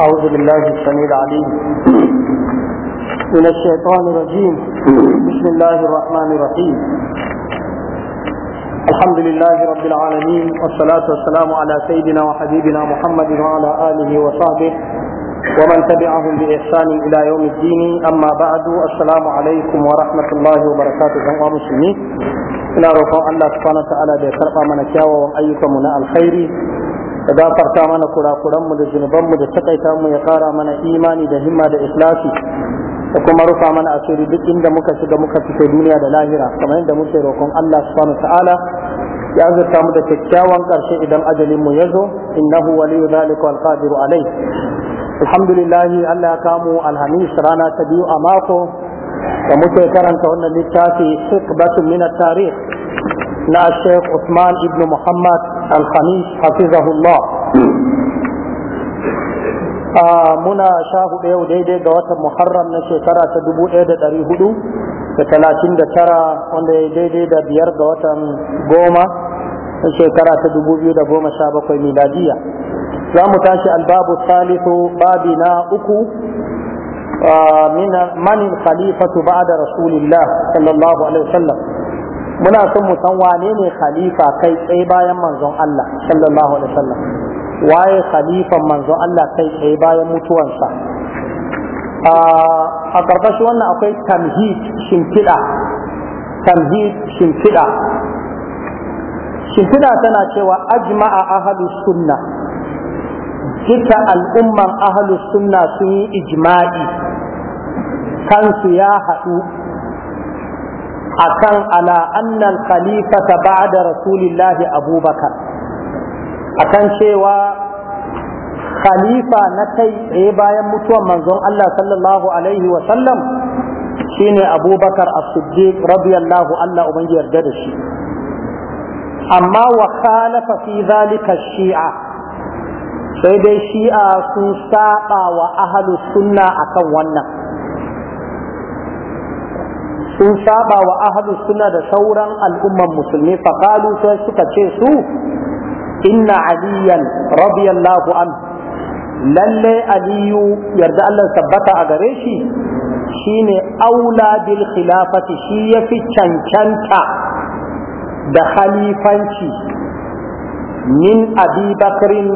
أعوذ بالله السميع العليم من الشيطان الرجيم بسم الله الرحمن الرحيم الحمد لله رب العالمين والصلاة والسلام على سيدنا وحبيبنا محمد وعلى آله وصحبه ومن تبعهم بإحسان إلى يوم الدين أما بعد السلام عليكم ورحمة الله وبركاته أيها المسلمين ina roƙon Allah subhanahu ta'ala da ya karɓa mana kyawawan ayyukanmu na alkhairi da gafarta mana mu da mu da takaita mu ya ƙara mana imani da himma da ikhlasi da kuma rufa mana asiri duk inda muka shiga muka fito duniya da lahira kamar yadda muke roƙon Allah subhanahu ta'ala ya azurta mu da kyakkyawan ƙarshe idan ajalin mu ya zo innahu waliyu zalika wal qadiru alai alhamdulillah Allah ya kamu alhamis rana ta biyu a mako da muke karanta wannan littafi hikbatun mina tarikh na Sheikh Usman ibn Muhammad Al-Khamis hafizahullah ah, muna sha hudu yau daidai ga watan Muharram na shekara ta dubu ɗaya da ɗari hudu da talatin da tara wanda ya daidai da biyar ga watan goma na shekara ta dubu biyu da goma sha bakwai miladiya za mu tashi albabu salisu babi na uku من من الخليفة بعد رسول الله صلى الله عليه وسلم muna son mu san wane ne khalifa kai tsaye bayan manzon Allah sallallahu alaihi wasallam waye khalifan manzon Allah kai tsaye bayan mutuwansa a karkashin wannan akwai tamhid shimfiɗa tamhid shimfiɗa shimfiɗa tana cewa ajma'a ahlus duka al'umman ahlus suna sun yi ijma'i kansu ya haɗu a akan ala annal khalifata da rasulillahi abubakar a kan cewa khalifa na kai tsaye bayan mutuwan manzon Allah sallallahu alaihi wa sallam shine abubakar as-siddiq radiyallahu Allah ubangi yarda da shi amma wa khalafa fi zalika shi'a sai dai shi'a sun saba wa ahlus sunna akan wannan sun saba wa ahadu suna da sauran al'umman musulmi Fakalu sai suka ce su inna aliyan radiyallahu an lalle aliyu yarda Allah tabbata a gare shi shine aula bil khilafati shi yafi cancanta da khalifanci min abi bakrin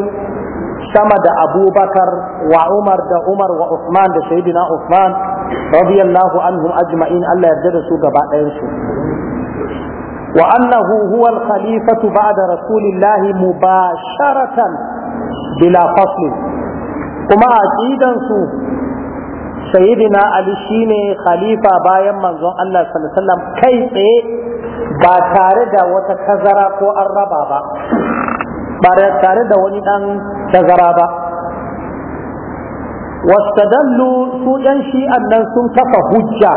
sama da abubakar wa umar da umar wa usman da shaidina usman radiyallahu anhum ajma'in Allah yarda da su gaba ɗayan su wa annahu huwa al-khalifatu ba'da rasulillahi mubasharatan bila fasli kuma aqidan su sayyidina ali shine khalifa bayan manzon Allah sallallahu alaihi wasallam kai tsaye ba tare da wata tazara ko an raba ba ba tare da wani dan tazara ba wastadallu su yan shi'an nan sun kafa hujja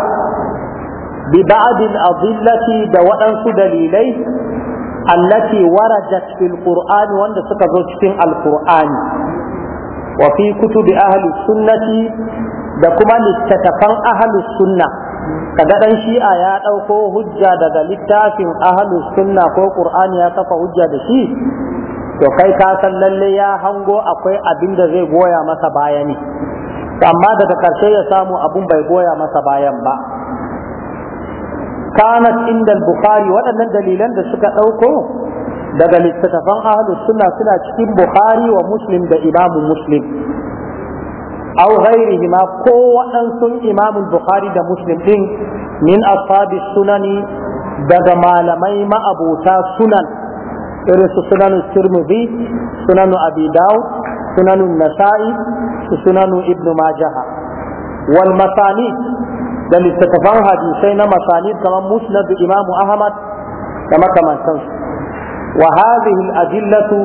bi ba'dil adillati da waɗansu dalilai allati warajat fil qur'ani wanda suka zo cikin alqur'ani wa fi kutubi ahli sunnati da kuma littattafan ahli sunna kaga dan shi'a ya dauko hujja daga littafin ahli sunna ko qur'ani ya kafa hujja da shi to kai ka san lalle ya hango akwai abin da zai goya masa baya ne amma daga karshe ya samu abun bai goya masa bayan ba kanat inda bukhari waɗannan dalilan da suka ɗauko daga littattafan ahlu suna suna cikin bukhari wa muslim da imamu muslim aw ghairihima ko waɗansu imamun bukhari da muslim ɗin min ashabi sunani daga malamai ma'abuta sunan irin su sunanu tirmidhi sunanu abi daud sunanu nasa'i su sunanu ibnu majaha wal masani da littattafan hadisai na masani kamar musnadu imamu ahmad da makamantansu wa hadhihi al adillatu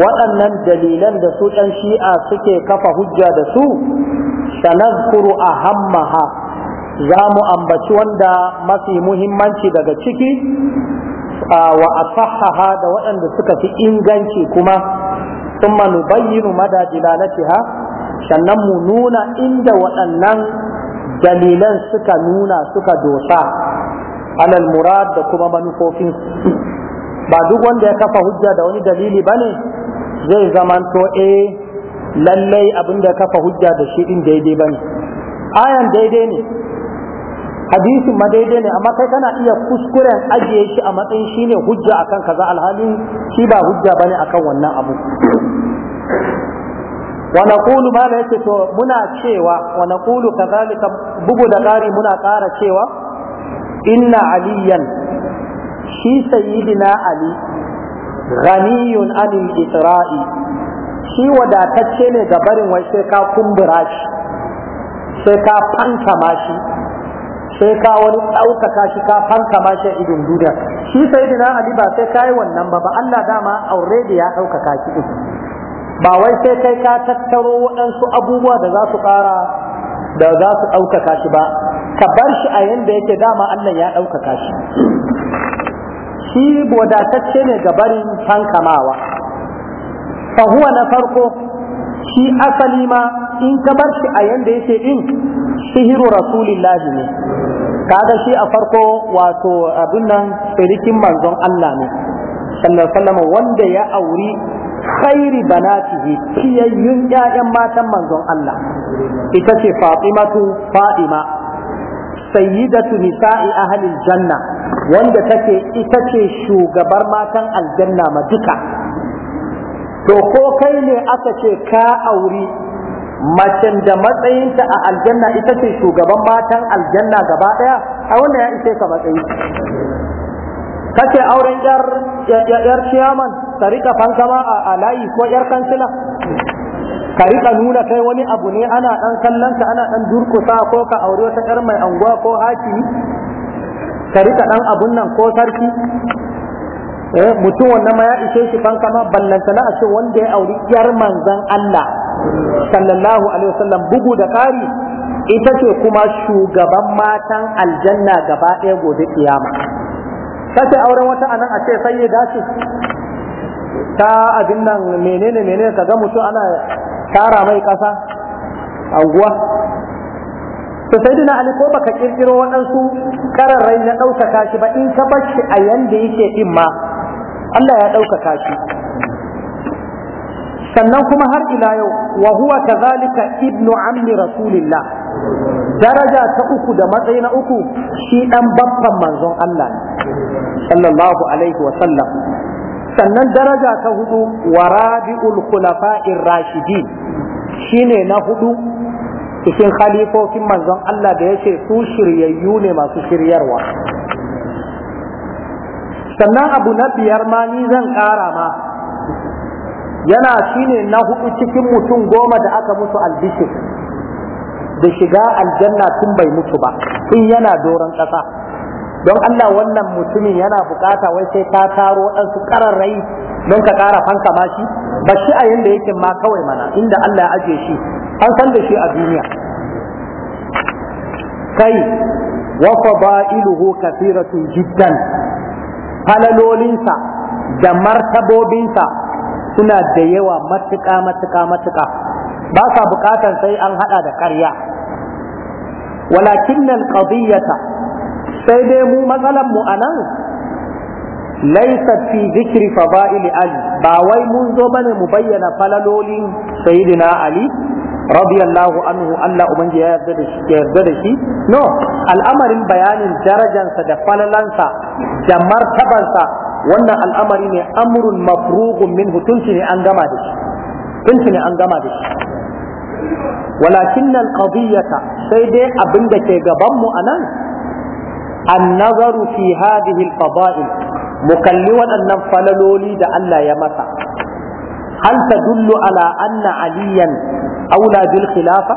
waɗannan dalilan da su ɗan shi'a suke kafa hujja da su sanadkuru ahammaha za mu ambaci wanda mafi muhimmanci daga ciki wa asahaha da waɗanda suka fi inganci kuma sun manu bayyinu mada ha, sannan mu nuna inda waɗannan dalilan suka nuna suka dosa alal murad da kuma manufofin ba duk wanda ya kafa hujja da wani dalili bane zai zamanto e lallai abin da kafa hujja da shi din daidai bane ayan daidai ne hadisin ma daidai ne amma kai kana iya kuskuren ajiye shi a matsayin shine hujja akan kaza alhali shi ba hujja bane akan wannan abu wa naqulu ma yake to muna cewa wa naqulu kadhalika bugu da ƙari muna ƙara cewa inna aliyan shi sayyidina ali ghaniyun anil isra'i shi wadatacce ne ga barin wai sai ka kumbura shi sai ka fanta mashi. shi sai ka wani ɗaukaka shi ka fanka ma shi idin duniya shi sai dina ali ba sai ka yi wannan ba ba Allah dama already ya ɗaukaka shi din ba wai sai kai ka tattaro waɗansu abubuwa da za su ƙara da za su ɗaukaka shi ba ka bar shi a yanda yake dama Allah ya ɗaukaka shi shi wadatacce ne ga barin fankamawa fa huwa na farko shi asali ma in ka bar shi a yanda yake din sihiru rasulillahi ne kaga shi a farko wato abin nan tsirikin manzon Allah ne sallallahu wanda ya auri khairi banatihi kiyayyun ya'yan matan manzon Allah ita ce Fatimatu Fadima sayyidatu nisa'i ahli janna wanda take ita ce shugabar matan aljanna ma duka to ko kai ne aka ce ka auri macen da matsayinta a aljanna ita ce shugaban matan aljanna gaba daya a wannan ya ishe ka matsayi kace auren yar yar chairman ka rika fankama a layi ko yar kansila ka rika nuna kai wani abu ne ana dan kallon ka ana dan durkusa ko ka aure wata kar mai anguwa ko hakimi ka rika dan abun nan ko sarki eh mutum wannan ma ya ishe shi fankama ballantana a ce wanda ya auri yar manzan Allah sallallahu alaihi wasallam bugu da kari ita ce kuma shugaban matan aljanna gaba ɗaya gobe kiyama kace auren wata anan a ce sai ya ta abin nan menene menene kaga mutum ana tara mai kasa anguwa to sai dina ali ko baka kirkiro waɗansu kararrai na ɗaukaka shi ba in ka bar shi a yanda yake din ma Allah ya ɗaukaka shi sannan kuma har ila yau wa huwa kadhalika ibnu ammi rasulillah daraja ta uku da matsayi na uku shi dan babban manzon Allah sallallahu alaihi wa sallam sannan daraja ta hudu wa rabiul khulafa'ir rashidin shine na hudu cikin khalifofin manzon Allah da yace su shiryayyu ne masu shiryarwa sannan abu na biyar ma ni zan kara ma yana shine na hudu cikin mutum goma da aka mutu albishir da shiga aljanna tun bai mutu ba tun yana doron ƙasa don Allah wannan mutumin yana bukata wai sai ta taro waɗansu ƙararrai don ka ƙara fanka ma shi ba shi a yanda yake ma kawai mana inda Allah ya ajiye shi an san da shi a duniya kai wa fada'iluhu kathiratun jiddan falalolinsa da martabobinsa suna da yawa matuƙa matuƙa matuƙa ba sa buƙatar sai an haɗa da ƙarya walakin nan qadiyata sai dai mu matsalar mu anan laysa fi fa fadail ali ba wai mun zo bane mu bayyana falalolin sayyidina ali radiyallahu anhu Allah ubangi ya yarda da shi yarda da shi no al'amarin bayanin darajansa da falalansa da martabarsa wannan al'amari ne amrun Mafrugu minhu tunci ne an gama da shi tunci ne an gama da shi walakin sai dai abin da ke gaban mu anan an-nazaru fi hadhihi al-fada'il mu kalli waɗannan falaloli da Allah ya masa hal tadullu ala anna aliyan aula bil khilafa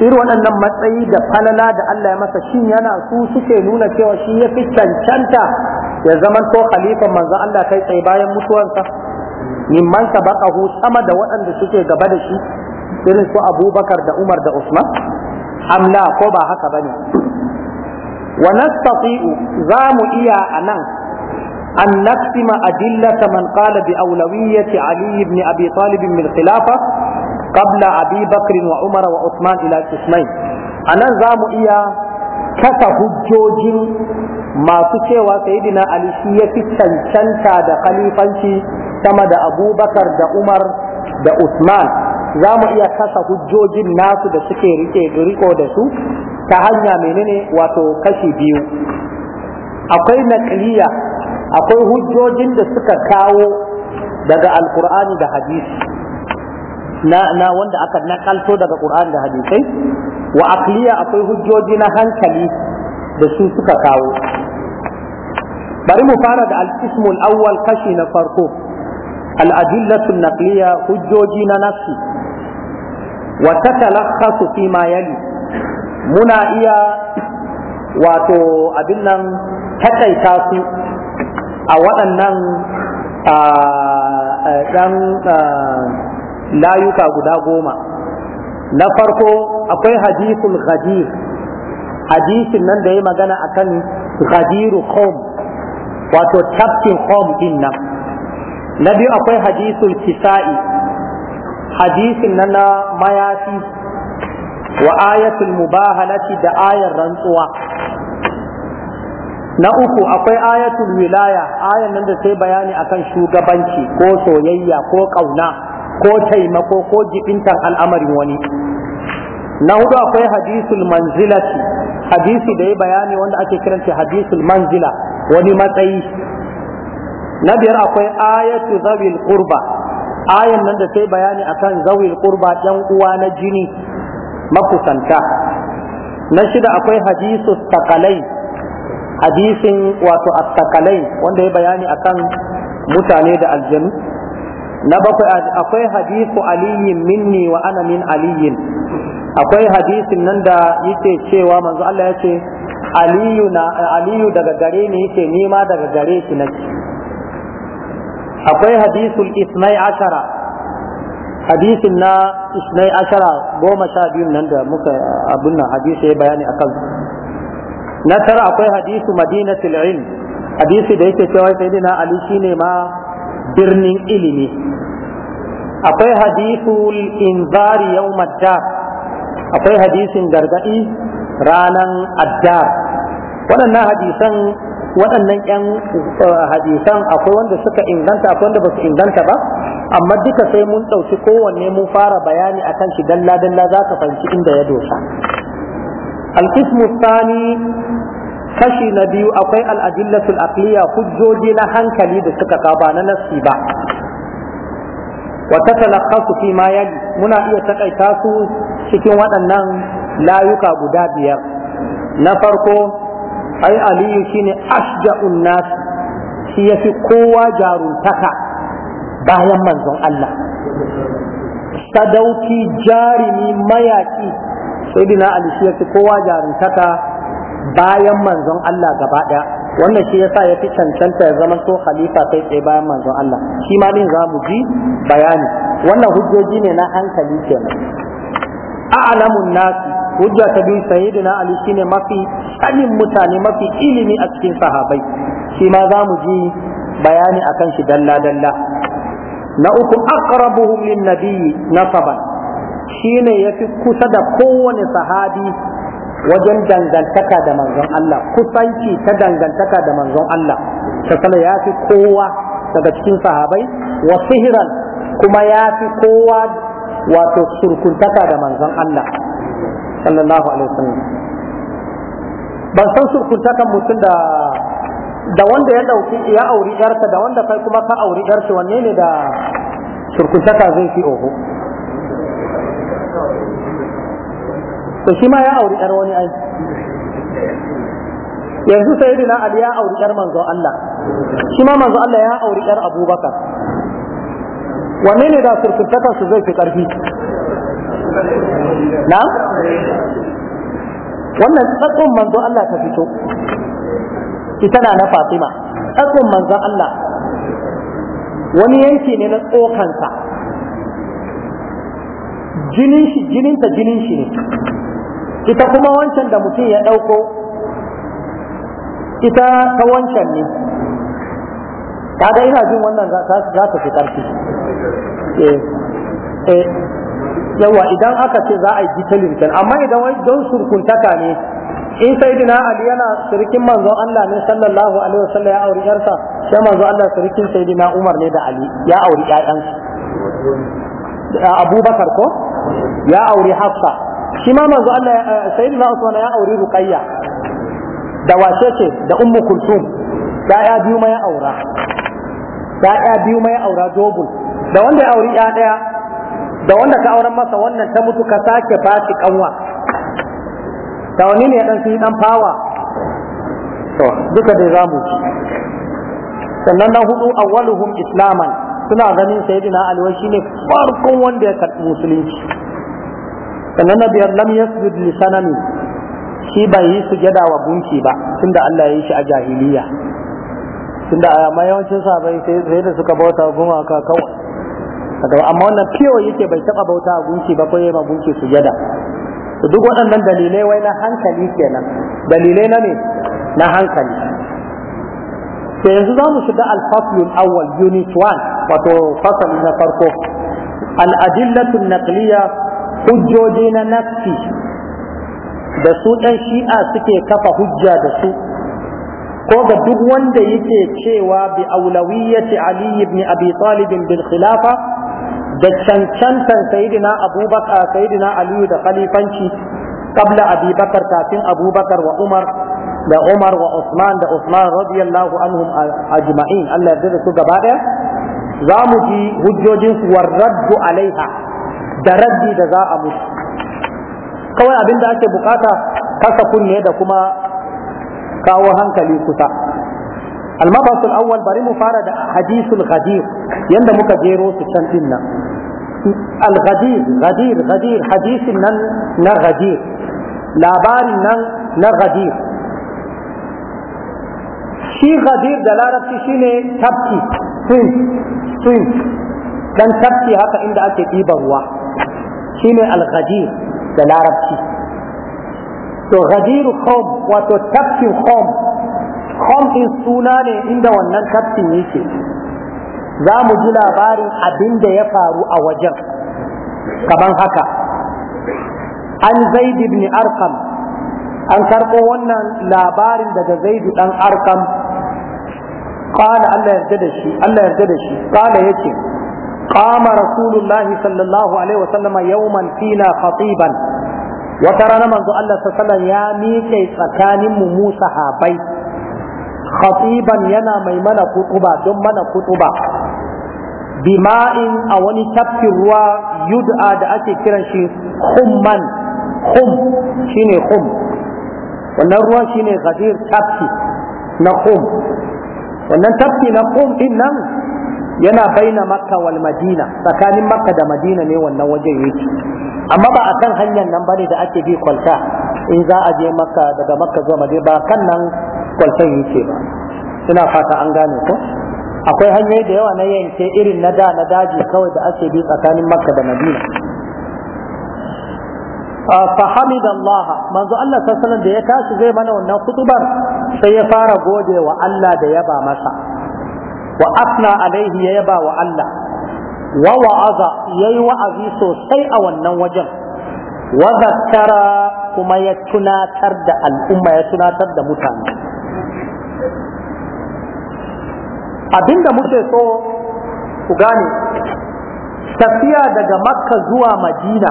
irin waɗannan matsayi da falala da Allah ya masa shin yana su suke nuna cewa shi ya fi cancanta ya zaman to khalifan manzan Allah kai tsaye bayan mutuwansa mimman sabaqahu sama da waɗanda suke gaba da shi irin su Abubakar da Umar da Usman amla ko ba haka bane wa nastati'u za mu iya anan an naqsima adillata man qala bi awlawiyyati Ali ibn Abi Talib min khilafa qabla Abi Bakr wa Umar wa Uthman ila qismain anan za mu iya kasa hujjojin masu cewa sayidina ali shi ya fi cancanta da khalifanci sama da abubakar da umar da usman za mu iya kasa hujjojin nasu da suke rike riko da su ta hanya menene wato kashi biyu akwai nakliya akwai hujjojin da suka kawo daga alkur'ani da hadisi na na wanda aka nakalto daga Qur'an da hadisai wa aqliya akwai hujjoji na hankali da su suka kawo bari mu fara da al-ismu al-awwal kashi na farko al-adillatu an-naqliya hujjoji na nafsi wa tatalakhasu fi ma yali muna iya wato abin nan takaita su a waɗannan ɗan layuka guda goma na farko akwai hadithul ghadir hadisin nan da ya magana akan ghadiru qom wato tafkin qom din nan na biyu akwai hadithul kisa'i hadisin nan na mayafi wa ayatul mubahalati da ayar rantsuwa na uku akwai ayatul wilaya ayan nan da sai bayani akan shugabanci ko soyayya ko kauna ko taimako ko jibintan al'amarin wani na hudu akwai hadisul manzilati hadisi da ya bayani wanda ake kiranta hadisul manzila wani matsayi na biyar akwai ayatu zawil qurba ayan nan da sai bayani akan zawil qurba yan uwa na jini makusanta na shida akwai hadisu takalai hadisin wato attakalai wanda ya bayani akan mutane da aljanu na bakwai akwai hadisu aliyin minni wa ana min aliyin akwai hadisin nan da yake cewa manzo Allah ya ce aliyu na aliyu daga gare ni yake ni ma daga gare shi nake akwai hadisul isnai ashara hadisin na isnai ashara goma sha biyun nan da muka abun nan hadisi ya bayani akan na tara akwai hadisu madinatul ilm hadisi da yake cewa sayyidina ali shine ma birnin ilimi akwai hadithul inzari yau maddar akwai hadisin gargadi ranan addar waɗannan hadisan waɗannan ƴan eh, hadisan akwai wanda suka inganta akwai wanda ba su inganta ba amma duka sai mun ɗauki kowanne mun fara bayani akan shi dalla dalla za ka fahimci inda ya dosa alkismu tsani kashi na biyu akwai al'adillatul aqliya hujjoji na hankali da suka kaba na nassi ba wa tatalakhasu fi ma yali muna iya takaita su cikin waɗannan layuka guda biyar na farko ai aliyu shine ashja'un nas shi yafi kowa jaruntaka bayan manzon Allah sadauki jarimi mayaki sayyidina ali shi yafi kowa jaruntaka bayan manzon Allah gaba daya wannan shi yasa ya fi cancanta ya zama to khalifa kai tsaye bayan manzon Allah shi ma din zamu ji bayani wannan hujjoji ne na hankali kenan a'lamun nas hujja ta biyu sayyidina ali shine mafi sanin mutane mafi ilimi a cikin sahabai shi ma zamu ji bayani akan shi dalla dalla na uku aqrabuhum lin nabiyyi nasaban shine yafi kusa da kowane sahabi wajen dangantaka da manzon Allah kusanci ta dangantaka da manzon Allah ta ya fi kowa daga cikin sahabai wa sihiran kuma ya fi kowa wato surkuntaka da manzon Allah sallallahu alaihi wasallam ban san surkuntakan mutum da da wanda ya dauki ya auri yarsa da wanda kai kuma ka auri yarsa wanne ne da surkuntaka zai fi oho to shi ma ya auri yar wani ai yanzu sayyidina ali ya auri yar manzo Allah shi ma manzo Allah ya auri yar abubakar wanne ne da surkuntaka su zai fi ƙarfi? na wannan tsakon manzo Allah ta fito ita na na Fatima tsakon manzo Allah wani yanki ne na tsokansa jinin shi jininta jinin shi ne ita kuma wancan da mutum ya ɗauko ita ta wancan ne kaga ina jin wannan za ta fi ƙarfi eh, eh. yawa idan aka ce za a yi gitalin amma idan wani don surkuntaka ne in sai dina ali yana surikin manzo Allah ne sallallahu alaihi wasallam ya auri yarsa sai manzo Allah surikin sai dina Umar ne da Ali ya auri ƴaƴansu Abubakar ko ya auri Hafsa shi ma manzo Allah eh, sayyidina Usman ya auri Ruqayya da wace ce da Ummu Kulsum ya biyu ma ya aura ya biyu ma ya aura dogon, da wanda ya auri ya daya da wanda ka auren masa wannan ta mutu ka sake ba shi kanwa da wani ne dan shi dan fawa to duka za zamu ci sannan na hudu awwaluhum islaman suna ganin sayyidina Ali shine farkon wanda ya karbi musulunci sannan na biyar lam yasjud li sanami shi bai yi sujada wa gunki ba tunda Allah ya yi shi a jahiliya tunda a amma yawancin sahabbai sai da suka bauta gumaka kawai amma wannan kiyo yake bai taba bauta a gunki ba ko yayi ma gunki sujada to duk waɗannan dalilai wai na hankali kenan dalilai na ne na hankali to yanzu za mu shiga al-faslul awwal unit 1 wato fasali na farko al-adillatu an-naqliyah hujjoji na nafsi da su ɗan shi'a suke kafa hujja da su ko ga duk wanda yake cewa bi aulawiyyati ali ibn abi talib bil khilafa da cancantar sayyidina abubakar sayyidina ali da khalifanci qabla abubakar kafin abubakar wa umar da umar wa usman da usman radiyallahu anhum ajma'in Allah ya su gaba ɗaya za mu ji hujjojin su warraddu alaiha da raddi da za a mutu kawai abin da ake bukata kasa kunne da kuma kawo hankali kusa almabasul awwal bari mu fara da hadisul ghadir yanda muka jero su can din nan al ghadir ghadir ghadir hadisin nan na ghadir labarin nan na ghadir shi ghadir da larabci shine tabti swim swim dan tafki haka inda ake ɗiban ruwa shine al-ghadir da larabci to ghadir khom wato tafkin khom khom din suna ne inda wannan tafkin yake za mu ji labarin abin da ya faru a wajen kaman haka an zaid ibn arqam an karɓo wannan labarin daga zaid dan arqam qala Allah yarda da shi Allah yarda da shi قام رسول الله صلى الله عليه وسلم يوما فينا خطيبا وترانا منذ الله صلى الله عليه وسلم يا ميكي سكان موسى هابي خطيبا ينا ميمنا خطبة دمنا خطبة بماء أو تبت الروا يدعى دعاتي كرنشي خما خم شيني خم wannan ruwan shine gadir tafki na khum wannan tafki na khum din nan yana baina makka wal madina tsakanin makka da madina ne wannan wajen yake amma ba akan hanyar nan bane da ake bi kwalta in za a je makka daga makka zuwa madina ba kan nan kwaltan yake ba ina fata an gane ko akwai hanyoyi da yawa na yanke irin na da na daji kawai da ake bi tsakanin makka da madina fahamid Allah manzo Allah sallallahu da ya tashi zai mana wannan kutubar sai ya fara gode wa Allah da yaba masa wa asna alaihi ya yaba wa Allah wa wa'aza yayi wa'azi sosai a wannan wajen wa zakara kuma ya tunatar da al'umma ya tunatar da mutane abinda muke so ku gane tafiya daga makka zuwa madina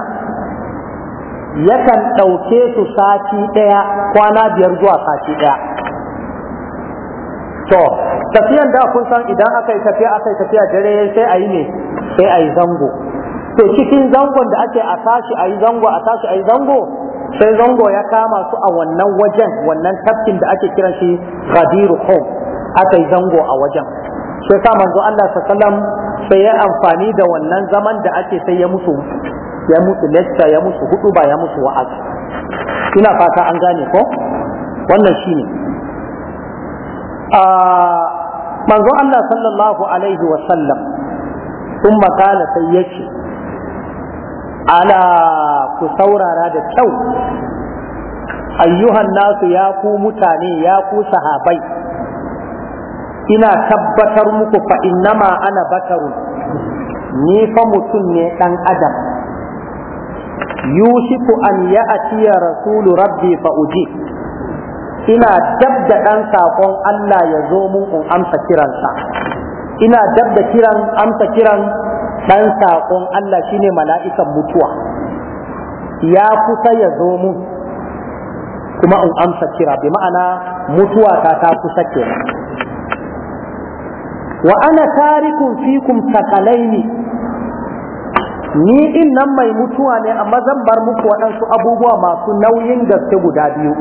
yakan ɗauke su sati ɗaya kwana biyar zuwa sati ɗaya to tafiyan da kun san idan aka yi tafiya aka yi tafiya dare sai ayi ne sai a yi zango to cikin zangon da ake a tashi a zango a tashi a yi zango sai zango ya kama su a wannan wajen wannan tafkin da ake kiran shi ghadiru home aka yi zango a wajen sai sa manzo Allah sallam sai ya amfani da wannan zaman da ake sai ya musu ya musu lecture ya musu hudu ba ya musu wa'azi ina fata an gane ko wannan shine manzo Allah sallallahu alaihi wa sallam sun makala sai yake, ala ku saurara da kyau ayyuhan nasu ya ku mutane ya ku sahabai ina tabbatar muku fa innama ana bakaru ni fa mutum ne dan adam Yusufu an ya rasulu rabbi fa uji ina dab da ɗan saƙon Allah ya zo mun in amsa kiransa ina dab da kiran amsa kiran ɗan saƙon Allah shine mala'ikan mutuwa ya kusa ya zo mun kuma in amsa kira bi ma'ana mutuwa ta ta kusa kenan wa ana tarikun fikum sakalaini ni in nan mai mutuwa ne amma zan bar muku waɗansu abubuwa masu nauyin gaske guda biyu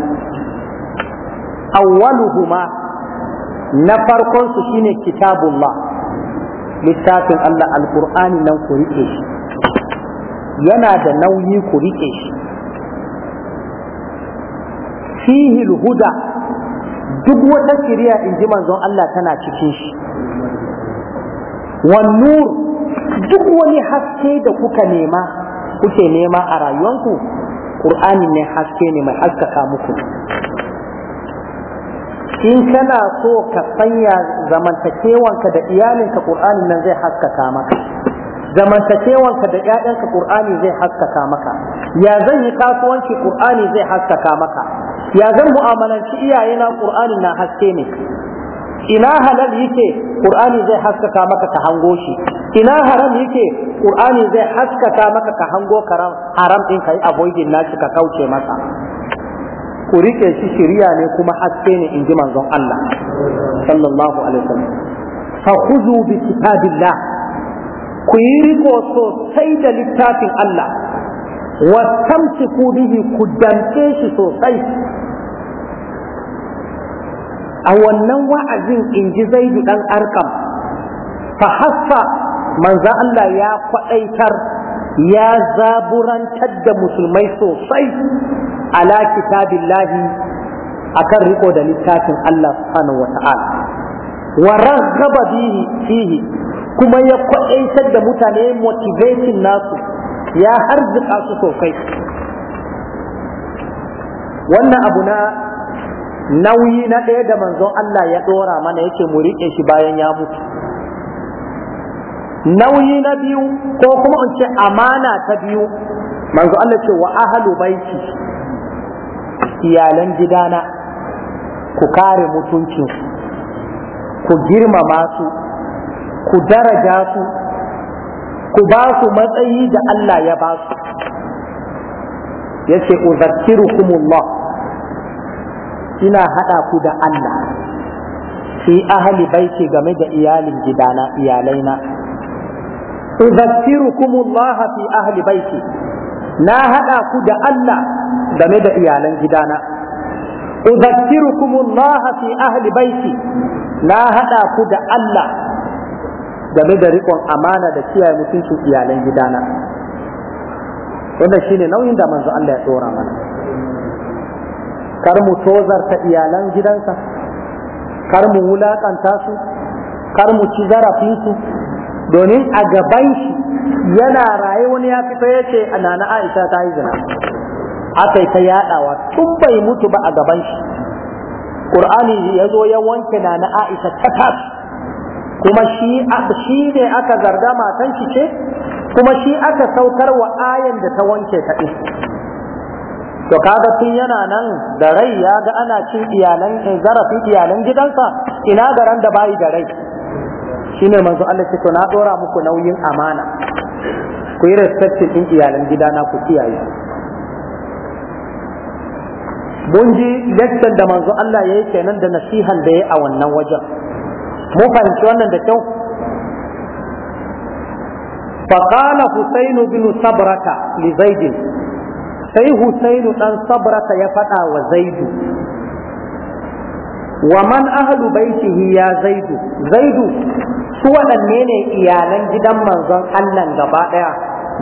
awwaluhuma na farkon su shine kitabullah littafin Allah alqur'ani nan ku rike shi yana da nauyi ku rike shi fihi huda duk wata shiriya inji ji manzon Allah tana cikin shi wan nur duk wani haske da kuka nema kuke nema a rayuwanku Qur'ani ne haske ne mai haskaka muku in kana so ka sanya zamantakewanka da iyalinka qur'anin nan zai haskaka maka zamantakewanka da ƴaƴanka qur'ani zai haskaka maka ya zan yi kasuwanci qur'ani zai haskaka maka ya zan mu'amalanci iyayena qur'ani na haske ne ina halal yake qur'ani zai haskaka maka ka hango shi ina haram yake qur'ani zai haskaka maka ka hango karam haram din kai avoiding nashi ka kauce masa ku rike shi ne kuma haske ne in ji manzon Allah sallallahu alaihi wa fa khuzu bi kitabillah ku yi riko sosai da littafin Allah wa tamsiku bihi ku damke shi sosai a wannan wa'azin in ji zaidu dan arkam fa hassa manzon Allah ya kwaɗaitar ya zaburantar da musulmai sosai ala kitabillahi akan riko da littafin Allah subhanahu wa ta'ala wa raghaba bihi fihi kuma ya kwaɗaitar da mutane motivating nasu ya harzuka su sosai wannan abu na nauyi na ɗaya da manzon Allah ya ɗora mana yake mu riƙe shi bayan ya mutu nauyi na biyu ko kuma in ce amana ta biyu manzo Allah ce wa ahlu baiti iyalan gidana ku kare mutuncinsu ku girmama su ku daraja su ku ba su matsayi da Allah ya ba su yace uzakkirukumullah ina hada ku da Allah fi ahli baiti game da iyalin gidana iyalaina uzakkirukumullah fi ahli baiti na haɗa ku da Allah game da iyalan gidana udhakkirukumullah fi ahli baiti na haɗa ku da Allah game da riƙon amana da kiyaye mutuncin iyalan gidana wanda shine nauyin da manzo Allah ya tsora mana kar mu tozarta iyalan gidansa kar mu wulaƙanta su kar mu ci zarafinsu domin a gaban yana raye wani ya fito ya ce a nana Aisha ta yi zina aka yi ta yadawa tun bai mutu ba a gaban shi ƙur'ani ya zo ya wanke nana Aisha ta tafi kuma shi ne aka zarga matan shi ce kuma shi aka saukar wa ayan da ta wanke ta din to kaga tun yana nan da rai ya ga ana cin iyalan eh, zarafin iyalan gidansa ina garan da bayi da rai shine manzo Allah ce to na dora muku nauyin amana ku yi respectin ɗin iyalan gidana ku kiyaye mun ji lecture da manzo Allah ya yi kenan da nasihan da ya a wannan wajen mun fahimci wannan da kyau فقال حسين بن صبرة لزيد sai Husainu ɗan sabrata ya faɗa wa Zaidu, wa man ahalu baitihi ya Zaidu su waɗanne ne iyalan gidan manzon Allah gaba ɗaya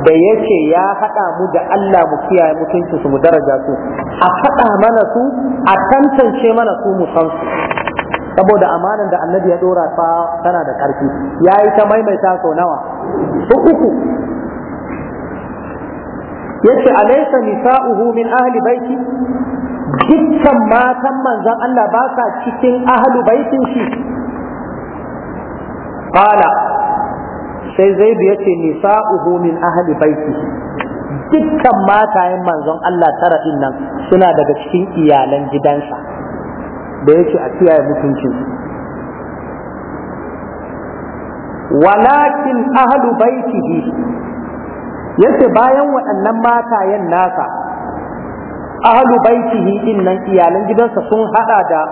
da yake ya haɗa mu da Allah mu kiyaye mutunci su mu daraja su a faɗa mana su a tantance mana su mu san su saboda amanan da annabi ya dora ta tana da ƙarfi ya yi ta maimaita sau nawa su uku yace alaysa nisa'uhu min ahli baiti dukkan matan manzon Allah ba sa cikin ahli baitin shi qala sai zaidu yace nisa'uhu min ahli baiti dukkan matayen manzon Allah tara din nan suna daga cikin iyalan gidansa da yake a kiyaye mutuncin walakin ahlu baitihi yace bayan waɗannan matayen nasa ahlu baitihi din nan iyalan gidansa sun hada da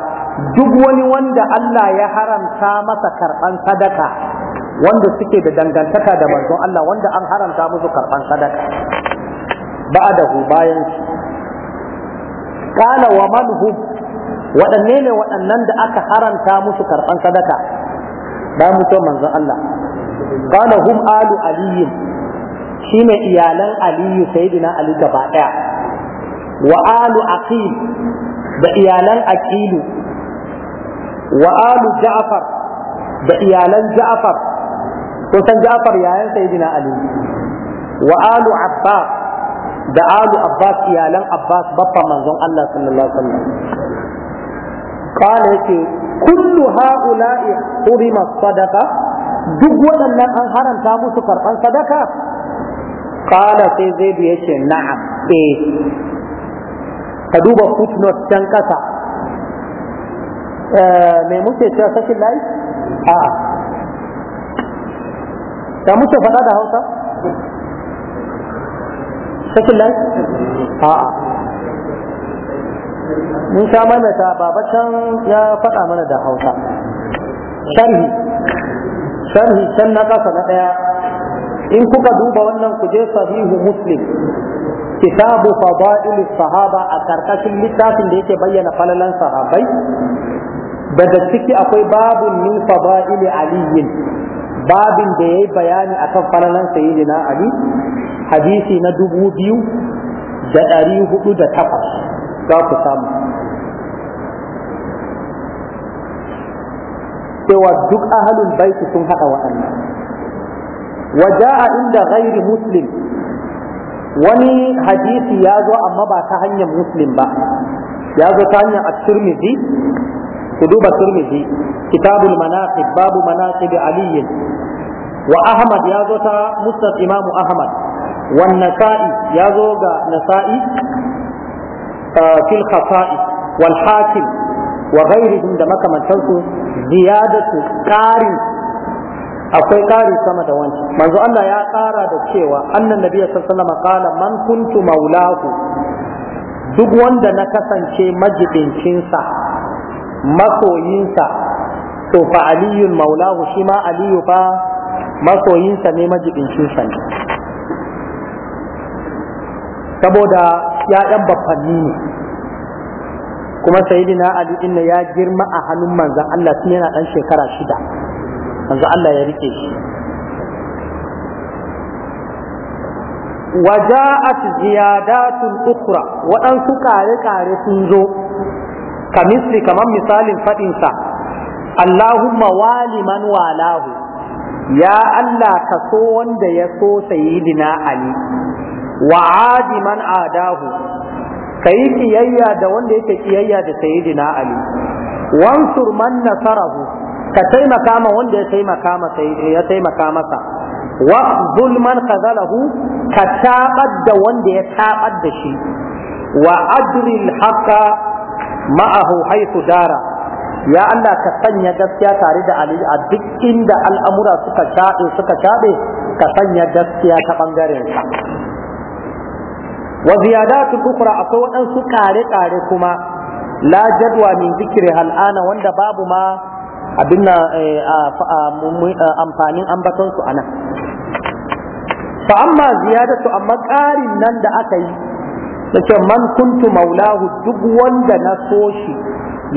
duk wani wanda Allah ya haramta masa karɓan sadaka wanda suke da dangantaka da manzon Allah wanda an haramta musu karɓan sadaka ba'adahu bayan shi kana wa man manhum waɗanne ne waɗannan da aka haramta musu karɓan sadaka Ba mu mutuwar manzon Allah kana hum alu aliyin shine iyalan aliyu sayyidina ali gaba ɗaya wa alu aqil da iyalan aqilu wa alu ja'far da iyalan ja'far kun san ja'far yayan sayyidina ali wa alu abbas da alu abbas iyalan abbas babban manzon Allah sallallahu alaihi wasallam kana yake kullu ha'ula'i hurima sadaqa duk waɗannan an haramta musu karɓan sadaka kala sai zai ya ce na'am eh ka duba footnote can ƙasa Eh, mai muke cewa sakin layi a da muke faɗa da hausa sakin layi a mun sha maimaita babacan ya faɗa mana da hausa sharhi sharhi can na ƙasa na ɗaya in kuka duba wannan ku je sahihu muslim kitabu fadailu sahaba a karkashin littafin da yake bayyana falalan sahabai daga ciki akwai babun min fada'il aliyin babin da yayi bayani akan falalan sayyidina ali hadisi na dubu biyu da ɗari hudu da takwas za ku samu cewa duk ahalin baiti sun haɗa waɗannan waja'a inda ghairi muslim wani hadisi ya zo amma ba ta hanyar muslim ba ya zo ta hanyar a tirmidhi ku duba turmizi kitabul manaqib babu manaqib ali wa ahmad ya zo ta musnad imam ahmad wan nasa'i ya zo ga nasa'i fil khafa'i wal hakim wa ghairihim da makamantansu ziyadatu qarin akwai ƙari sama da wancan manzo Allah ya ƙara da cewa annan nabiya sallallahu qala man kuntu maulahu duk wanda na kasance majibincinsa masoyinsa to fa aliyun maulahu shi ma aliyu fa masoyinsa ne majibincin ne saboda ya'yan babbanni ne kuma sayidina ali inna ya girma a hannun manzon Allah tun yana dan shekara shida manzon Allah ya rike shi datin ukura waɗansu kare-kare sun zo. ka misli kamar misalin faɗinsa Allahumma wali man walahu ya Allah ka so wanda ya so sayyidina Ali wa adi man nasarahu ka taimaka ma wanda ka da ya da wa ma'ahu dara ya Allah ka sanya gaskiya tare da Ali a duk inda al'amura suka shaɗe suka shaɗe ka sanya gaskiya ta bangaren sa wa ziyadatu ukra akwai waɗansu kare-kare kuma la jadwa min zikiri hal'ana wanda babu ma abin na eh, amfanin ambaton su anan fa amma ziyadatu amma ƙarin nan da aka yi yace man kuntu maulahu duk wanda na so shi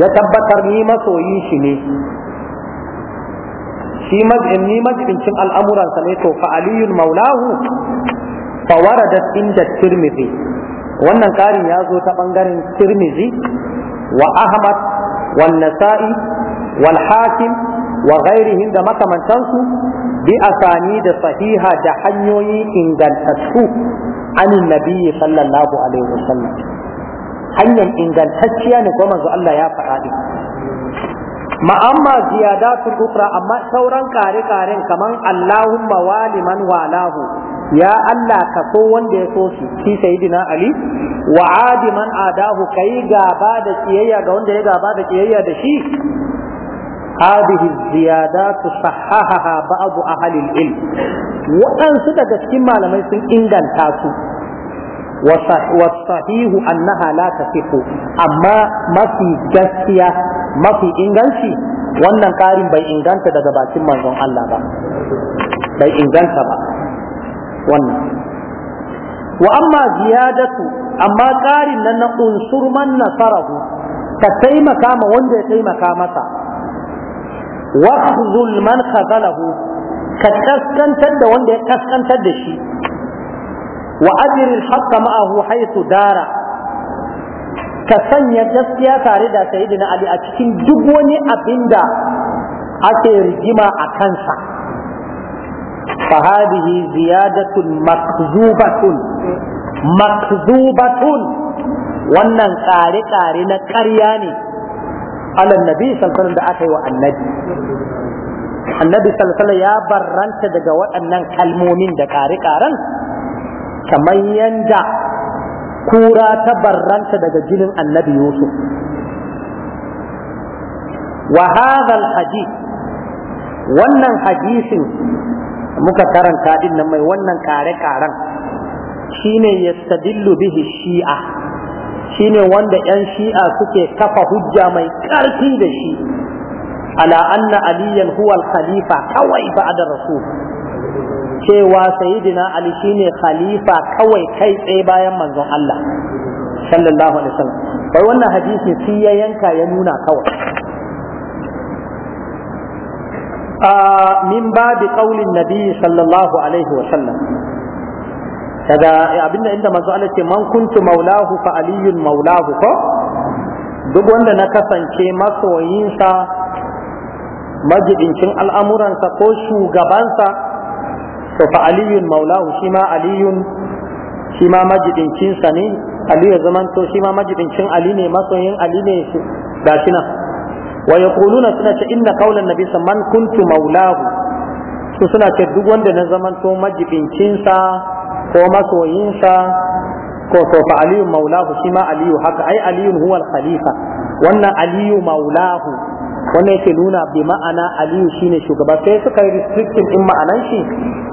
ya tabbatar ni masoyi shi ne shi majin ni majibincin al'amuransa ne to fa aliyun maulahu fa waradat inda tirmidhi wannan karin ya zo ta bangaren tirmidhi wa ahmad wa nasa'i wal hakim wa ghairihim da makamantansu bi asani da sahiha da hanyoyi ingantattu anin nabiyyi sallallahu alaihi wasallam hanyar ingantacciya ne kuma manzo Allah ya faɗa din ma amma ziyadatul ukra amma sauran kare-karen kaman Allahumma mawaliman walahu ya Allah ka so wanda ya so shi shi sayyidina Ali wa adi man adahu kai gaba da kiyayya ga wanda ya gaba da kiyayya da shi هذه الزيادات صححها بعض أهل العلم وأن سدد كما لم يسن إنجا تاسو والصحيح أنها لا تصح أما ما في جسية ما في إنجانشي wannan ƙarin bai inganta daga bakin manzon Allah ba bai inganta ba wannan wa amma ziyadatu amma ƙarin na unsur man nasarahu ka taimaka ma wanda ya taimaka masa wakhzul man khazalahu ka kaskantar da wanda ya kaskantar da shi wa ajril haqqa dara ka sanya gaskiya tare da sayyidina ali a cikin duk wani abinda ake rigima a kansa fa hadhihi ziyadatun makzubatun makzubatun wannan tsare-tsare na ƙarya ne alan nabi sallallahu da aka yi wa annabi annabi sallallahu ya barranta daga waɗannan kalmomin da kare-karen kamar yanda kura ta barranta daga jinin annabi yusuf wa hadhal hadith wannan hadisin muka karanta din nan mai wannan kare-karen shine yastadillu bihi shi'a shine wanda 'yan shi'a suke kafa hujja mai ƙarfi da shi ala anna aliyan huwa khalifa kawai ba'da rasul cewa sayyidina ali shine khalifa kawai kai tsaye bayan manzon Allah sallallahu alaihi wasallam bai wannan hadisi sai ya yanka ya nuna kawai A ah, min babi qaulin nabi sallallahu alaihi wasallam kaga eh, abinda inda manzo Allah ce man kuntu maulahu fa aliyun maulahu ko duk wanda na kasance masoyinsa majidincin al'amuransa ko shugabansa to fa aliyun maulahu shi ma aliyun shi ma majibincinsa ne aliyu to shi ma majibincin ali ne masoyin ali ne shi nan wa yaquluna suna ce inna qawlan nabi man kuntu maulahu su suna ce duk wanda na zamanto majidincinsa. ko masoyinsa ko to fa aliyu maulahu shi ma aliyu haka ai aliyu huwa khalifa wannan aliyu maulahu wannan yake nuna bi ma'ana aliyu shine shugaba sai suka yi in ma'anan shi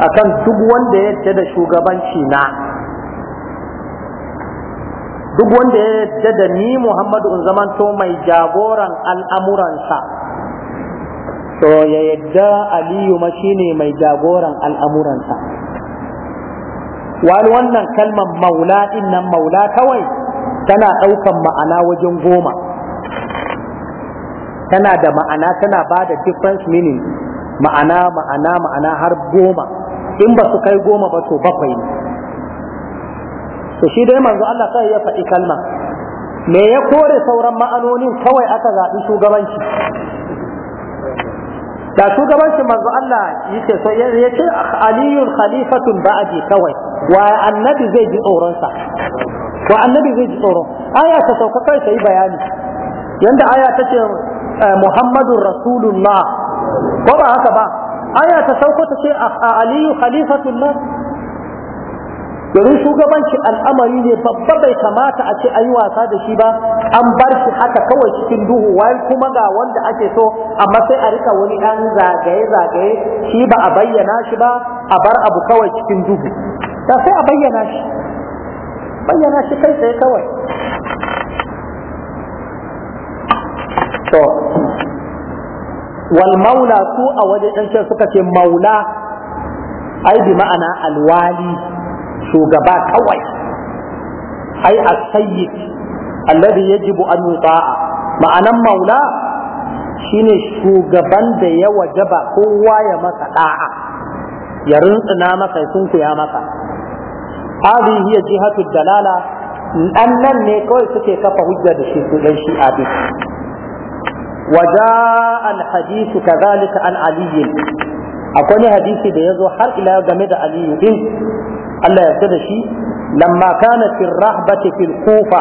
akan duk wanda ya da shugabanci na duk wanda ya yadda da ni Muhammadu in zamanto mai jagoran al'amuransa to ya yadda aliyu ma shine mai jagoran al'amuransa wani wannan kalmar maula din nan maula kawai tana ɗaukan ma'ana wajen goma tana da ma'ana tana ba da different meaning ma'ana ma'ana ma'ana har goma in ba su kai goma ba to bakwai ne to shi dai manzo Allah sai ya faɗi kalma me ya kore sauran ma'anonin kawai aka zaɓi shugabanci da shugabancin manzo Allah yake so yace ah, aliyun khalifatun ba'di kawai wa annabi zai ji tsoron sa wa annabi zai ji tsoron aya ta sauka kai sai bayani yanda aya ta ce eh, muhammadur rasulullah ko ba haka ba aya ta sauko ta ce ah, aliyu khalifatullah domin shugabanci al'amari ne babba bai kamata a ce ayi wasa da shi ba an bar shi haka kawai cikin duhu wai kuma ga wanda ake so amma sai a rika wani dan zagaye zagaye shi ba a bayyana shi ba a bar abu kawai cikin duhu da sai a bayyana shi bayyana shi kai tsaye kawai to wal maula su a wajen ɗan suka ce maula ai bi ma'ana alwali shugaba kawai ai as-sayyid alladhi yajibu an yuta'a ma'anan maula shine shugaban da ya wajaba kowa ya masa da'a ya rintsina masa sun kuya masa hadhihi hiya jihatu dalala annan ne kawai suke kafa hujja da shi su dan shi abi وجاء الحديث كذلك عن علي akwai hadisi da ya zo har ila game da aliyu din Allah ya da shi lamma kana fi rahbati fil kufa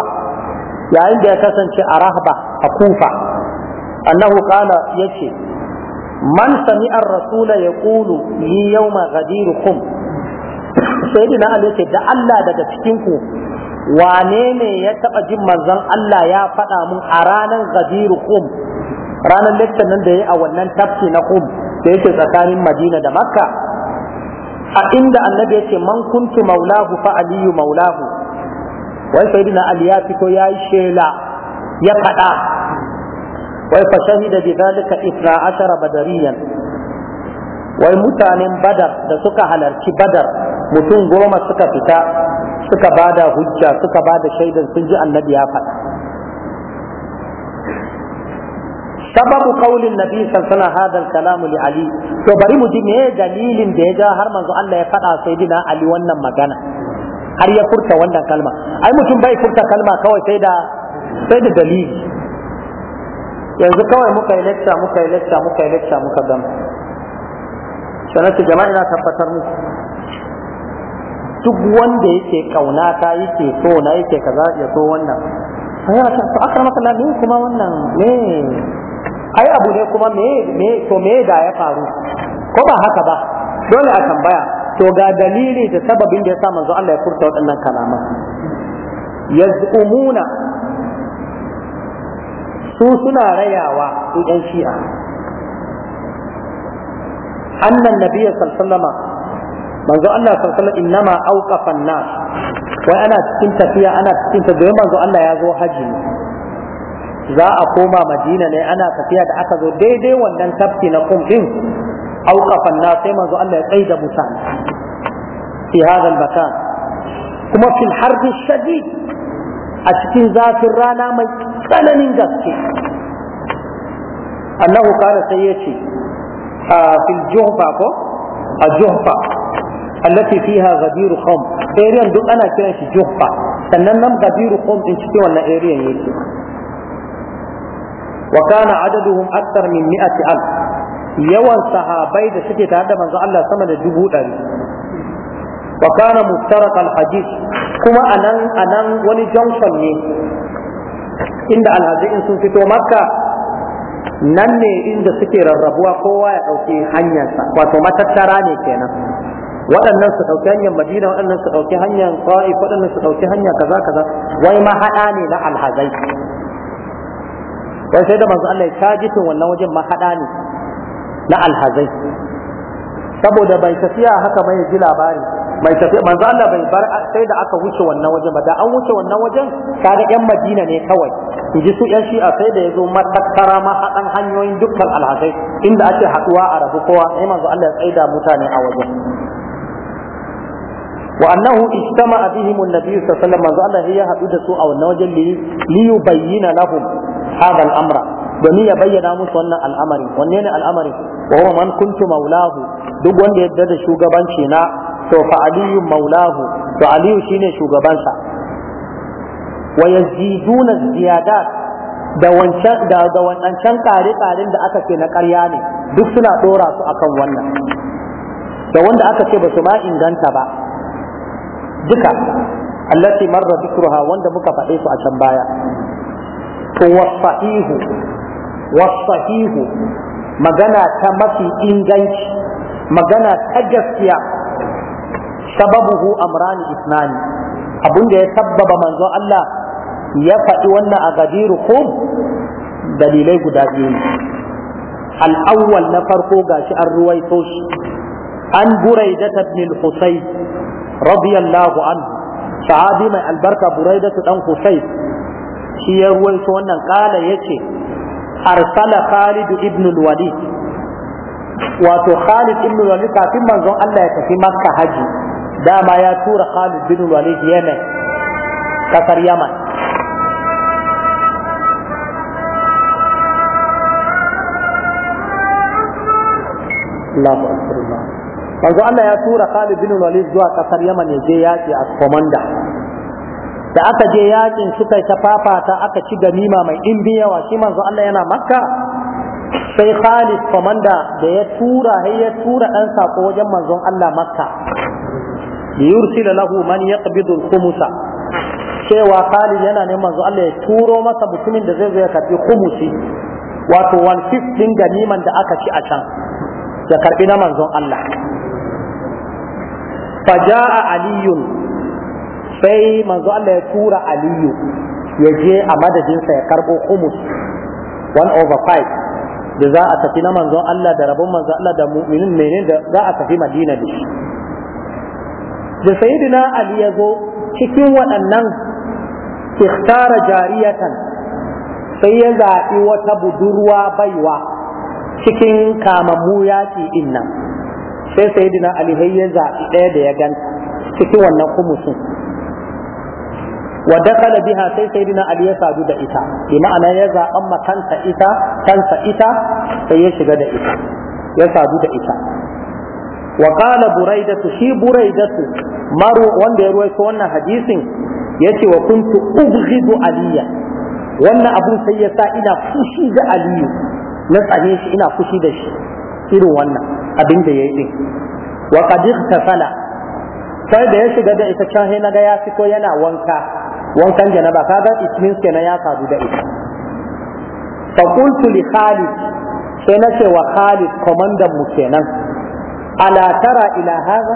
yayin da ya kasance a rahba a kufa annahu qala yace man sami'a ar-rasula yaqulu li yawma ghadirukum sayyidina ali ce da Allah daga cikin ku wane ne ya taba jin manzon Allah ya faɗa mun a ranar ghadirukum ranar lecture nan da yayi a wannan tafsi na kum da yake tsakanin madina da makka a inda annabi ya ce man kuntu maulahu fa aliyu maulahu wai sayyidina ali ya fito ya yi shela ya faɗa wai fa shahida bi zalika isra ashara badariyan wai mutanen badar da suka halarci badar mutum goma suka fita suka bada hujja suka bada shaidan sun ji annabi ya faɗa sababu qaulin nabi sallallahu alaihi wasallam kalamu li ali to bari mu ji me dalilin da ya ga har manzo Allah ya faɗa sayyidina ali wannan magana har ya furta wannan kalma ai mutum bai furta kalma kawai sai da sai da dalili yanzu kawai muka yi lecture muka yi lecture muka yi lecture muka gama sanata jama'a ina tabbatar muku duk wanda yake kauna ta yake so na yake kaza ya so wannan sai ya ta aka maka ne kuma wannan ne ai abu ne kuma me me to me da ya faru ko ba haka ba dole a tambaya to ga dalili da sababin da yasa manzo Allah ya furta waɗannan kalaman yaz'umuna su suna rayawa su ɗan shi'a annan nabiyya sallama manzo Allah sallama innama auqafan nas wai ana cikin tafiya ana cikin tafiya manzo Allah ya zo haji ne za a koma madina ne ana tafiya da aka zo daidai wannan tafki na kum din auqafan na sai manzo Allah ya tsai da mutane fi hadal al-makan kuma fil harb shadid a cikin zafin rana mai tsananin gaske annahu kana sai yace a fil juhfa ko a juhfa allati fiha ghadir khum area duk ana kiran shi juhfa sannan nan ghadir khum din cikin wannan area yake wa kana adaduhum akthar min yawan sahabai da suke tare da manzo Allah sama da dubu ɗari wa kana muftarak al hadith kuma a anan wani junction ne inda alhazin sun fito maka. nan ne inda suke rarrabuwa kowa ya ɗauki hanyarsa wato matattara ne kenan waɗannan su ɗauki hanyar madina waɗannan su ɗauki hanyar ta'if waɗannan su ɗauki kaza kaza wai mahaɗa ne na alhazai dan sai da manzo Allah ya kajitin wannan wajen mahada ne na alhazai saboda bai tafiya haka mai ji labari mai tafiya manzo Allah bai bar sai da aka wuce wannan wajen ba da an wuce wannan wajen kaga yan Madina ne kawai ji su yan shi'a sai da yazo matattara ma hadan hanyoyin dukkan alhazai inda ake haduwa a rabu kowa sai manzo Allah ya tsaida mutane a wajen wa annahu ijtama'a bihim an-nabi sallallahu alaihi wasallam manzo ya hadu da su a wannan wajen li yubayyana lahum hadha al-amra domin ya bayyana musu wannan al'amari wanne ne al'amari wa huwa man kuntu duk wanda ya da shugabanci na to fa aliyu maulahu to aliyu shugabansa da wancan da da da aka ce na ƙarya ne duk suna ɗora su akan wannan da wanda aka ce ba su ma inganta ba duka allati marra dhikruha wanda muka faɗe su a can baya to wasahihu wasahihu magana ta mafi inganci magana ta gaskiya sababuhu amrani isnani abun da ya sabbaba manzo Allah ya faɗi wannan a gadirukum dalilai guda biyu ne al'awwal na farko gashi an ruwaito shi an buraidata ibn husayn radiyallahu anhu sahabi mai albarka buraidatu dan kusai shi ya ruwaito wannan kala yace arsala khalid ibn wato khalid ibn walid kafin manzon Allah ya tafi makka haji dama ya tura khalid ibn walid yemen kasar yaman Allah manzo Allah ya tura Khalid bin Walid zuwa kasar Yaman ya je yaki a komanda da aka je yakin suka ta fafata aka ci ganima mai ɗimbin yawa shi manzo Allah yana makka sai Khalid komanda da ya tura har ya tura dan sako wajen manzo Allah makka yursila lahu man yaqbidu al-khumsa cewa Khalid yana neman manzo Allah ya turo masa mutumin da zai zo ya karbi khumusi wato one fifth ganiman da aka ci a can ya karbi na manzon Allah faja'a aliyun sai manzo Allah ya tura aliyu ya je a madadinsa ya karɓo humus one over five da za a tafi na Manzo Allah da rabon Manzo Allah da mu'minin menene da za a tafi madina da shi da sayyidina ali ya zo cikin waɗannan ikhtara jariyatan sai ya zaɓi wata budurwa baiwa cikin kamammu yaƙi ɗin nan sai sayyidina ali bai ya zaɓi ɗaya da ya ganta cikin wannan kumusin wa dakala biha sai sayyidina ali ya sadu da ita bi ma'ana ya zaɓan ma kansa ita kansa ita sai ya shiga da ita ya sadu da ita wa qala buraidatu shi buraidatu maru wanda ya ruwaito wannan hadisin yace wa kuntu ubghidu aliya wannan abun sai ya sa ina fushi da aliyu na tsane shi ina fushi da shi irin wannan abin da ya yi ɗin wa qadir tafala sai da ya shiga da ita can sai naga ya fito yana wanka wankan janaba kaga it means kenan ya sadu da ita fa qultu li khalid sai nace wa khalid komandan mu kenan ala tara ila hadha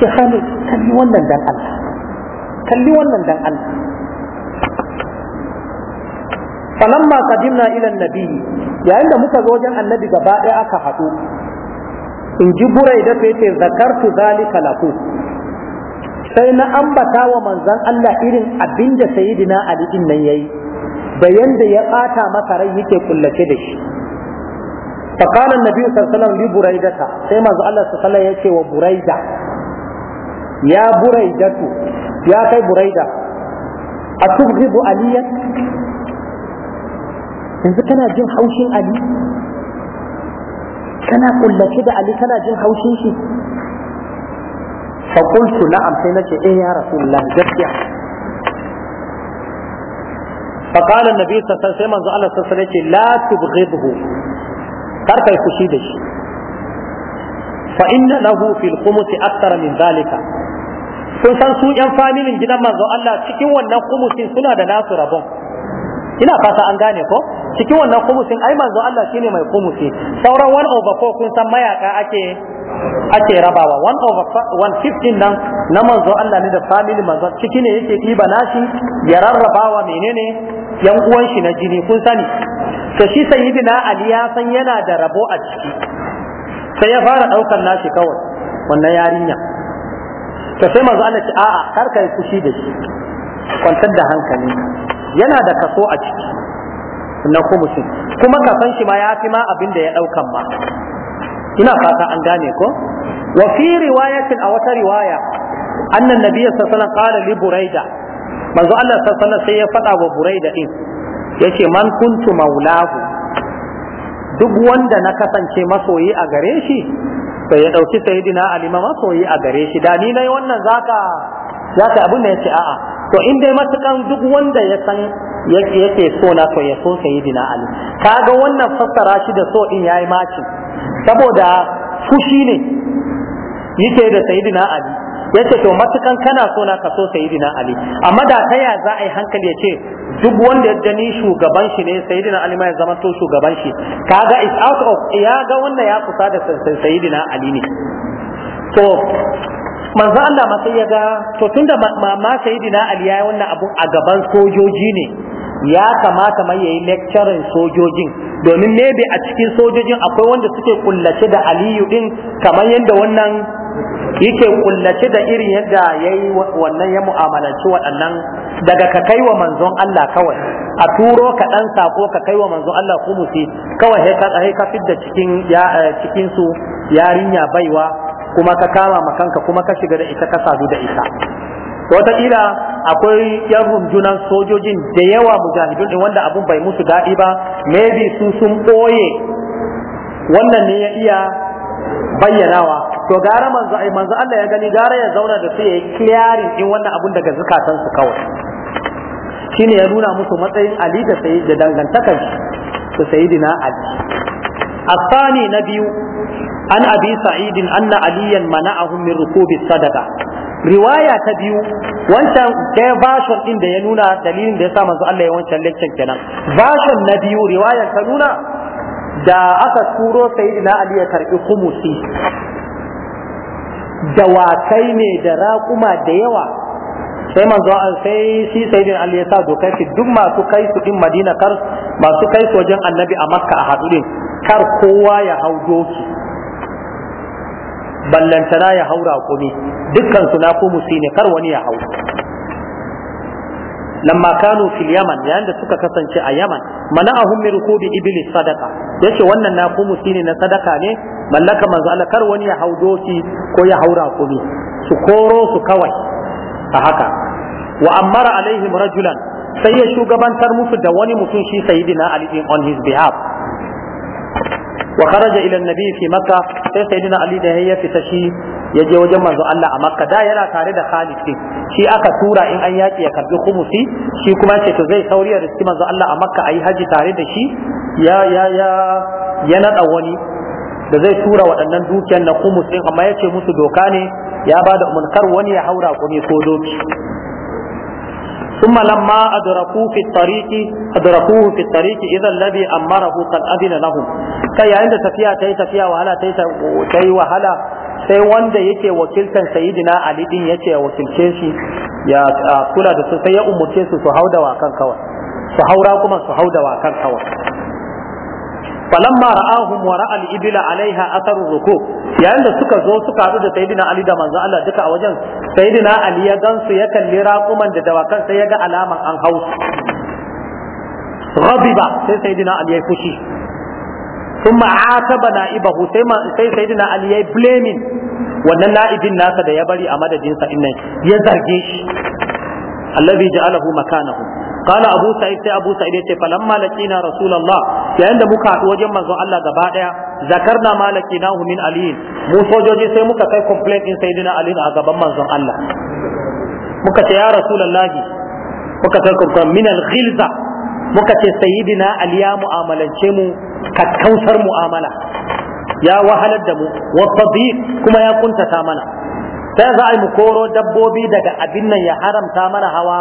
sai khalid kalli wannan dan Allah kalli wannan dan Allah falamma qadimna ila an-nabi yayin da muka zo wajen annabi gaba ɗaya aka haɗu in ji burai da ta yace zakartu zalika lahu sai na ambata wa manzon Allah irin abin da sayyidina Ali din nan yayi da yanda ya ɓata masa rai yake kullace da shi فقال النبي صلى الله عليه وسلم لبريدة سيما الله صلى الله عليه وبريدة يا بريدة يا كي بريدة أتبغض عليا yanzu kana jin haushin ali kana kullace da ali kana jin haushin shi fa qultu na'am sai nace eh ya rasulullah gaskiya fa qala annabi sallallahu alaihi wasallam manzo Allah sallallahu alaihi wasallam la tubghidhu kar kai fushi da shi fa inna lahu fil qumus akthar min zalika sun san su yan familin gidan manzo Allah cikin wannan kumusin suna da nasu rabon ina fata an gane ko cikin wannan kumusin ai manzo Allah shine mai kumusi sauran one over four kun san mayaka ake ake rabawa one over one fifteen nan na manzo Allah ne da family manzo ciki ne yake ɗiba nashi ya rarrabawa menene yan uwan shi na jini kun sani to shi sayyidina Ali ya san yana da rabo a ciki sai ya fara daukar nashi kawai wannan yarinya to sai manzo Allah ce a'a kar yi kushi da shi kwantar da hankali yana da kaso a ciki na kumusi kuma ka san shi ma ya fi ma abin da ya ɗaukan ma ina fata an gane ko wa fi riwayatin a wata riwaya annan nabiyyu sallallahu alaihi wasallam li buraida manzo Allah sallallahu sai ya faɗa wa buraida din yace man kuntu maulahu duk wanda na kasance masoyi a gare shi sai ya dauki sayyidina ali ma masoyi a gare shi da ni nayi wannan zaka zaka abin da yace a'a to in dai matakan duk wanda ya san yake so na so ya so dina ali kaga wannan fassara shi da so in yayi maci saboda fushi ne yake da sayyidina ali yace to matukan kana so na ka so sayyidina ali amma da ta ya za a yi hankali yace duk wanda ya ni shugaban shi ne sayyidina ali ma ya zama to shugaban shi kaga is out of ya ga wannan ya kusa da sayyidina ali ne to manzo Allah ma sai ya ga to tunda ma sayyidina Ali ya yi wannan abun a gaban sojoji ne ya kamata mai yayi lecturing sojojin domin maybe a cikin sojojin akwai wanda suke kullace da aliyu din kamar yadda wannan yake kullace da irin yadda yayi wannan ya mu'amalanci waɗannan daga ka kai manzon Allah kawai a turo ka dan sako ka kai manzon Allah kumusi kawai sai ka sai ka fidda cikin ya eh, cikin su yarinya baiwa kuma ka kama makanka kuma ka shiga da ita ka sadu da ita watakila akwai yan rundunan sojojin da yawa mujahidun din wanda abun bai musu daɗi ba maybe su sun ɓoye wannan ne ya iya bayyanawa to gara manzo ai manzo Allah ya gani gara ya zauna da su yayi clearing din wannan abun daga zakatan su kawai shine ya nuna musu matsayin Ali da sai da dangantakar su sayyidina Ali asani nabiyu an abi سعيد anna aliyan mana'ahum min rukubi sadaqa riwaya ta biyu wancan ɗaya version din da ya nuna dalilin da ya sa manzo Allah ya wancan lecture kenan version na biyu riwaya ta nuna da aka turo sayyidina Ali ya karbi kumusi Da dawakai ne da raƙuma da yawa sai manzo sai shi sayyidina Ali ya sa dokar shi duk masu kai su din Madina kar masu kai su wajen Annabi a Makka a hadu kar kowa ya hau doki ballantana ya haura kumi dukkan su na kumusi ne kar wani ya hau lamma kanu fil yaman yayin da suka kasance a yaman mana'ahum min rukubi iblis sadaqa yace wannan na kumusi ne na sadaka ne mallaka manzo Allah kar wani ya hau doki ko ya haura kumi su koro su kawai a haka wa amara alaihim rajulan sai ya shugabantar musu da wani mutum shi sayyidina ali in on his behalf wa kharaja ila an-nabi sai sayyidina ali da ya fita shi ya je wajen manzo Allah a Makka da yana tare da Khalid din shi aka tura in an yaki ya karbi khumusi shi kuma ce to zai sauri ya riski manzo Allah a Makka ayi haji tare da shi ya ya ya wani da zai tura waɗannan dukiyar na khumus din amma ya ce musu doka ne ya ba da umarkar wani ya haura ne ko doki ثم لما أدركوه في الطريق أدركوه في الطريق إذا الذي أمره قد أذن لهم كي عند تفيا تي تفيا وهلا تي وهلا sai wanda yake wakiltan sayyidina ali din yace ya wakilce shi ya kula da su sai ya umurce su su hauda wakan kawai su haura kuma su hauda wakan kawai falamma ra'ahum wa ra'al ibila alaiha atharu ruku yayin da suka zo suka hadu da sayyidina ali da manzo Allah duka a wajen sayyidina ali ya gansu ya kalli raquman da dawakan sai ya ga alaman an hausu ghadiba sai sayyidina ali ya fushi thumma ataba na'ibahu sai sai sayyidina ali yayi blaming wannan na'ibin nasa da ya bari a madadinsa sa innan ya zarge shi allazi ja'alahu makanahu qala abu sa'id sai abu sa'id yace falamma laqina rasulullah yayin da muka haɗu wajen manzon Allah gaba daya zakarna ma laqinahu min ali mu sojoji sai muka kai complaint din sayyidina ali a gaban manzon Allah muka ce ya rasulullahi muka kai complaint min al-ghilza muka ce sayyidina ali ya mu'amalance mu kakkausar mu'amala ya wahalar da mu wasabi kuma ya kuntata mana sai za a yi mu koro dabbobi daga abin nan ya haramta mana hawa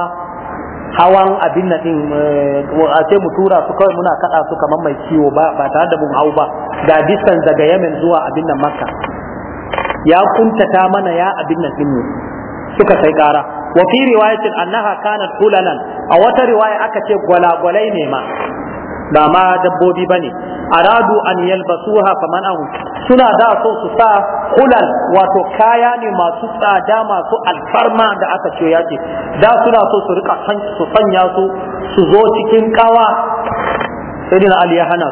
hawan abin nan din eh, a ce mu tura su kawai muna kada su kamar mai ciwo ba ba tare da mun hau ba ga distance daga Yemen zuwa abin nan Makka ya kuntata mana ya abin nan din mu suka sai kara wa fi riwayatin annaha kanat hulalan a wata riwaya aka ce gwalagwalai ne ma da ma dabbobi bane aradu an yalbasuha faman ahu suna da so su sa hulal wato kaya ne masu tsada masu alfarma da aka ce ya ce da suna so su rika su sanya su su zo cikin kawa sai ali ya hana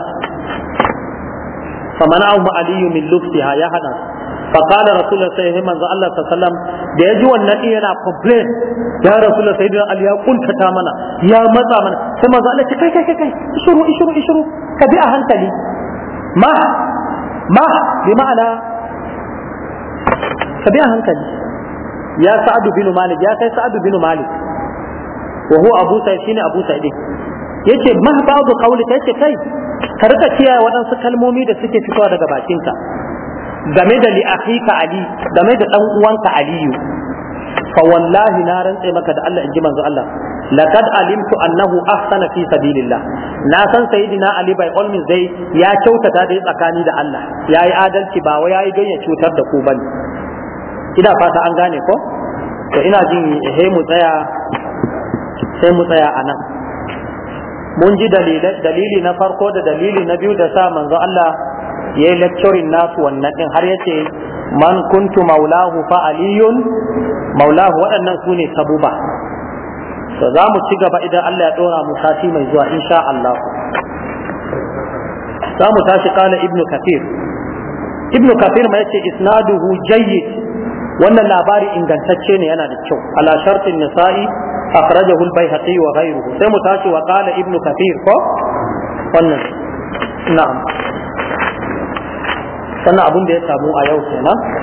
su faman aliyu min luftiha ya hana su فقال رسول الله صلى الله عليه وسلم da yaji wannan yana complain ya rasul sayyidina ali ya kuntata mana ya matsa mana sai manzo Allah ce kai kai kai ishuru ishuru ishuru ka bi a hankali ma ma bi ma'ana ka bi a hankali ya sa'adu bin malik ya kai sa'adu bin malik wa huwa abu sa'id shine abu sa'id yace ma ba'du qawli kai kai ka rika kiyaye waɗansu kalmomi da suke fitowa daga bakinka game da li'afika ali game da dan uwanka aliyu fa wallahi na rantse maka da Allah in manzo Allah laqad alimtu annahu ahsana fi sabilillah na san sayyidina ali bai all means ya kyautata dai tsakani da Allah yayi adalci ba wai yayi don ya cutar da ku bane ina fata an gane ko to ina jin he mu tsaya sai mu tsaya anan mun ji dalili na farko da dalili na biyu da sa manzo Allah ya yi lecturing nasu wannan din har yace man kuntu maulahu fa aliyun maulahu waɗannan su ne sabuba to za mu ci gaba idan Allah ya ɗora mu sati mai zuwa insha Allah za mu tashi kala ibn kafir ibn kafir ma yace isnaduhu jayyid wannan labari ingantacce ne yana da kyau ala shartin nisa'i akhrajahu al-baihaqi wa ghayruhu sai mu tashi wa kala ibn kafir ko wannan na'am sannan abin da ya samu a yau kenan